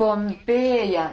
Pompėja